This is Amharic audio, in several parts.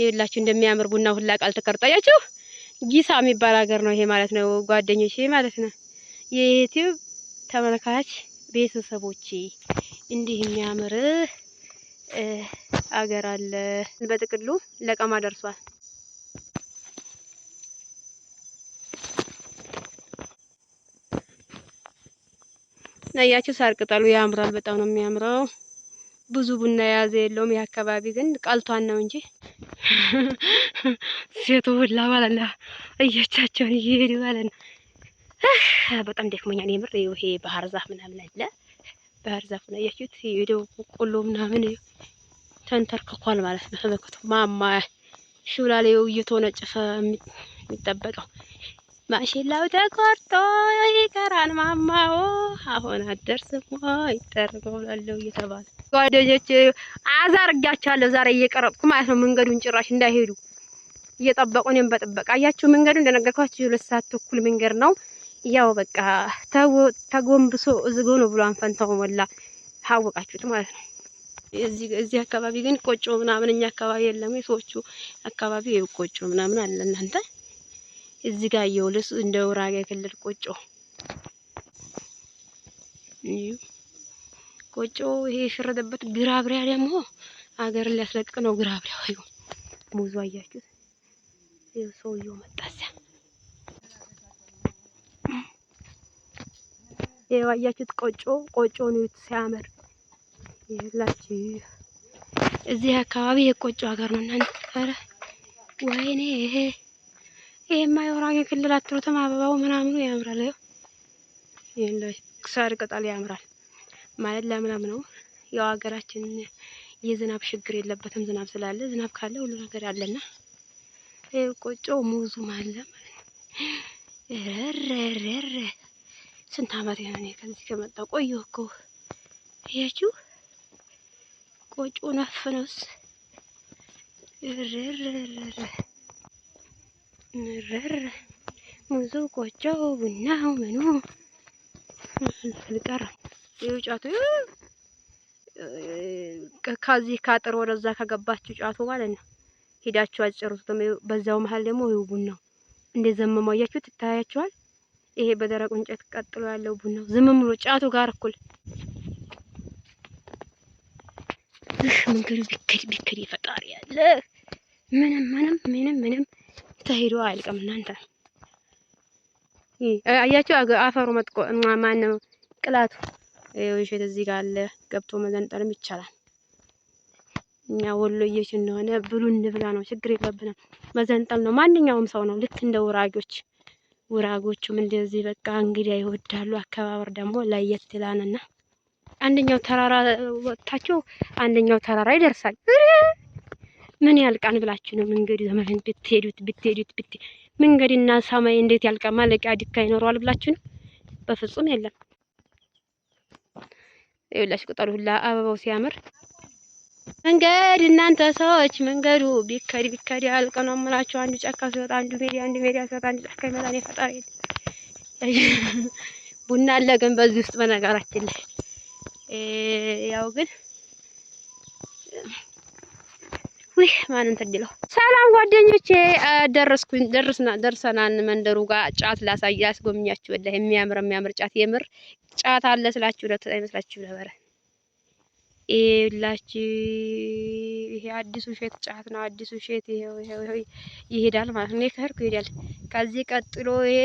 ይላችሁ እንደሚያምር ቡና ሁላ ቃል ተቀርጣያችሁ ጊሳ የሚባል ሀገር ነው ይሄ ማለት ነው ጓደኞቼ ማለት ነው። የዩቲዩብ ተመልካች ቤተሰቦቼ እንዲህ የሚያምር አገር አለ። በጥቅሉ ለቀማ ደርሷል። ነያችሁ ሳር ቅጠሉ ያምራል። በጣም ነው የሚያምረው። ብዙ ቡና የያዘ የለውም። ይህ አካባቢ ግን ቀልቷን ነው እንጂ ሴቱ ሁላ ማለት ነው እየቻቸውን እየሄዱ ማለት ነው። በጣም ደክሞኛል የምር። ይሄ ባህር ዛፍ ምናምን አለ። ባህር ዛፍ ነው እያችሁት። ይሄ ቁሎ ምናምን ተንተርክኳል ማለት ነው። ተመልከቱ ማማ ሹላሌው እየተወነጨፈ የሚጠበቀው ማሽላው ተቆርጦ ይቀራል ማማው አሁን አደርስም ወይ ጠርገው እየተባለ ጓደኞች አዛርጋቸዋለሁ። ዛሬ እየቀረጥኩ ማለት ነው። መንገዱን ጭራሽ እንዳይሄዱ እየጠበቁ እኔም በጥበቃ አያችሁ። መንገዱ እንደነገርኳችሁ ሁለት ሰዓት ተኩል መንገድ ነው። ያው በቃ ተጎንብሶ እዝጎ ነው ብሎ አንፈንታው ሞላ ታወቃችሁት ማለት ነው። እዚህ አካባቢ ግን ቆጮ ምናምን እኛ አካባቢ የለም። የሰዎቹ አካባቢ ቆጮ ምናምን አለ እናንተ እዚህ ጋር የውልስ እንደ ውራጌ ክልል ቆጮ ቆጮ ይሄ የሸረደበት ግራብሪያ ደግሞ አገር ሊያስለቅቅ ነው። ግራብሪያ ወይ ሙዙ አያችሁት? ይሄ ሰውዬው መጣሲያ ይሄ አያችሁት? ቆጮ ቆጮ ነው ሲያምር ይላችሁ። እዚህ አካባቢ የቆጮ ሀገር ነው እናንተ። ኧረ ወይኔ ይሄማ የወራጌ ክልል አትሉትም። አበባው ምናምኑ ያምራል። ይሄን ሳር ቅጠል ያምራል ማለት ለምለም ነው። ያው ሀገራችን የዝናብ ችግር የለበትም። ዝናብ ስላለ ዝናብ ካለ ሁሉ ነገር አለና ቆጮ ሙዙም አለ ማለት ነው። ስንት አመት እኔ ከዚህ ከመጣ ቆየሁ እኮ ያችሁ ቆጮ ነፍነውስ ረረረረ ምርር ሙዙ ቆጮው ቡናው ምኑ ፍልቀራ ይኸው ጫቱ ከዚህ ካጥር ወደዛ ከገባችሁ ጫቱ ማለት ነው። ሄዳችሁ አጭሩት። በዛው መሀል ደግሞ ይኸው ቡናው እንደዘመመው አያችሁት፣ ይታያችኋል። ይሄ በደረቁ እንጨት ቀጥሎ ያለው ቡናው ዝም ብሎ ጫቱ ጋር እኩል መንገዱ ቢክድ ቢክድ ይፈጣሪ ያለ ምንም ምንም ምንም ምንም ተሄዶ አያልቅም። እናንተ አያችሁ፣ አፈሩ መጥቆ ማን ነው ቅላቱ ወይሸት እዚህ ጋር አለ። ገብቶ መዘንጠልም ይቻላል። እኛ ወሎዬች እንደሆነ ብሉ እንብላ ነው፣ ችግር የለብንም። መዘንጠል ነው ማንኛውም ሰው ነው። ልክ እንደ ውራጆች ውራጎቹም እንደዚህ በቃ እንግዲያ ይወዳሉ። አከባበር ደግሞ ለየት ይላልና አንደኛው ተራራ ወጥታችሁ አንደኛው ተራራ ይደርሳል። ምን ያልቃን ብላችሁ ነው መንገዱ ዘመን ብትሄዱት ብትሄዱት ብት መንገድና ሰማይ እንዴት ያልቃል? ማለቂያ ድካ ይኖረዋል ብላችሁ ነው? በፍጹም የለም። ይኸውላችሁ ቅጠሉ ሁላ አበባው ሲያምር መንገድ እናንተ ሰዎች መንገዱ ቢከድ ቢከድ ያልቀ ነው የምላችሁ። አንዱ ጫካ ሲወጣ አንዱ ሜዳ፣ አንዱ ሜዳ ሲወጣ አንዱ ጫካ ይመጣል። የፈጣሪ ቡና አለ ግን በዚህ ውስጥ በነገራችን ላይ ያው ግን ይህ ማንን ትድለው ሰላም ጓደኞቼ፣ ደረስኩኝ ደርስና ደርሰናን መንደሩ ጋር ጫት ላሳይ ላስጎብኛችሁ። ወላሂ የሚያምር የሚያምር ጫት የምር ጫት አለ ስላችሁ ለት አይመስላችሁ ነበረ። ይላችሁ ይሄ አዲሱ ሼት ጫት ነው። አዲሱ ሼት ይሄው ይሄው ይሄዳል ማለት ነው። ከርኩ ይሄዳል። ከዚህ ቀጥሎ ይሄ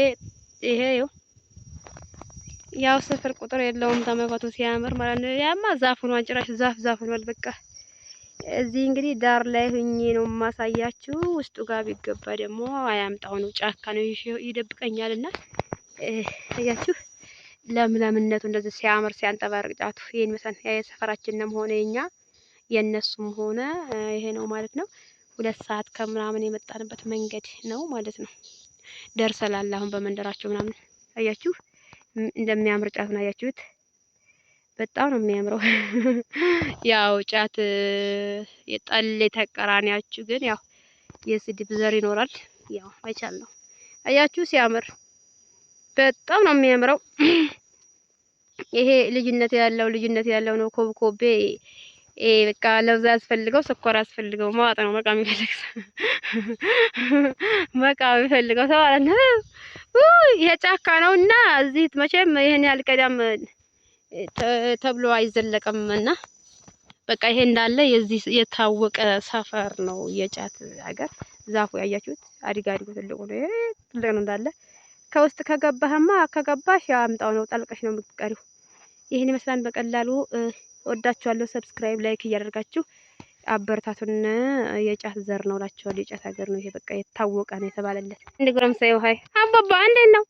ይሄ ይው ያው ስፍር ቁጥር የለውም። ተመልከቱ ሲያምር ማለት ነው። ያማ ዛፉን ሆኗል። ዛፍ ዛፍ ሆኗል በቃ እዚህ እንግዲህ ዳር ላይ ሁኜ ነው የማሳያችሁ። ውስጡ ጋር ቢገባ ደግሞ አያምጣው ነው፣ ጫካ ነው ይደብቀኛል። እና አያችሁ ለምለምነቱ እንደዚህ ሲያምር ሲያንጠባርቅ ጫቱ ይህን መሳን የሰፈራችንም ሆነ የኛ የእነሱም ሆነ ይሄ ነው ማለት ነው። ሁለት ሰዓት ከምናምን የመጣንበት መንገድ ነው ማለት ነው። ደርሰላል አሁን በመንደራቸው ምናምን አያችሁ እንደሚያምር ጫት ነው። አያችሁት? በጣም ነው የሚያምረው። ያው ጫት የጠሌ የተቀራኒያችሁ ግን ያው የስድብ ዘር ይኖራል። ያው አይቻል ነው። አያችሁ ሲያምር በጣም ነው የሚያምረው። ይሄ ልጅነት ያለው ልጅነት ያለው ነው። ኮብኮቤ በቃ ለብዛ ያስፈልገው ስኳር ያስፈልገው ማዋጥ ነው መቃም ይፈልግ መቃም ይፈልገው ሰው አለ ይሄ ጫካ ነውና እዚህ መቼም ይሄን ያህል ቀዳም ተብሎ አይዘለቅም እና በቃ ይሄ እንዳለ የዚህ የታወቀ ሰፈር ነው። የጫት ሀገር ዛፉ ያያችሁት አዲጋ አዲጎ ትልቁ ነው። ይሄ ትልቅ ነው እንዳለ ከውስጥ ከገባህማ ከገባሽ አምጣው ነው ጠልቀሽ ነው የምትቀሪው። ይህን ይመስላል በቀላሉ ወዳችኋለሁ። ሰብስክራይብ ላይክ እያደርጋችሁ አበረታቱን። የጫት ዘር ነው እላችኋለሁ። የጫት ሀገር ነው ይሄ በቃ የታወቀ ነው የተባለለት። አንድ ጎረምሳ ይኸው አባባ እንዴት ነው?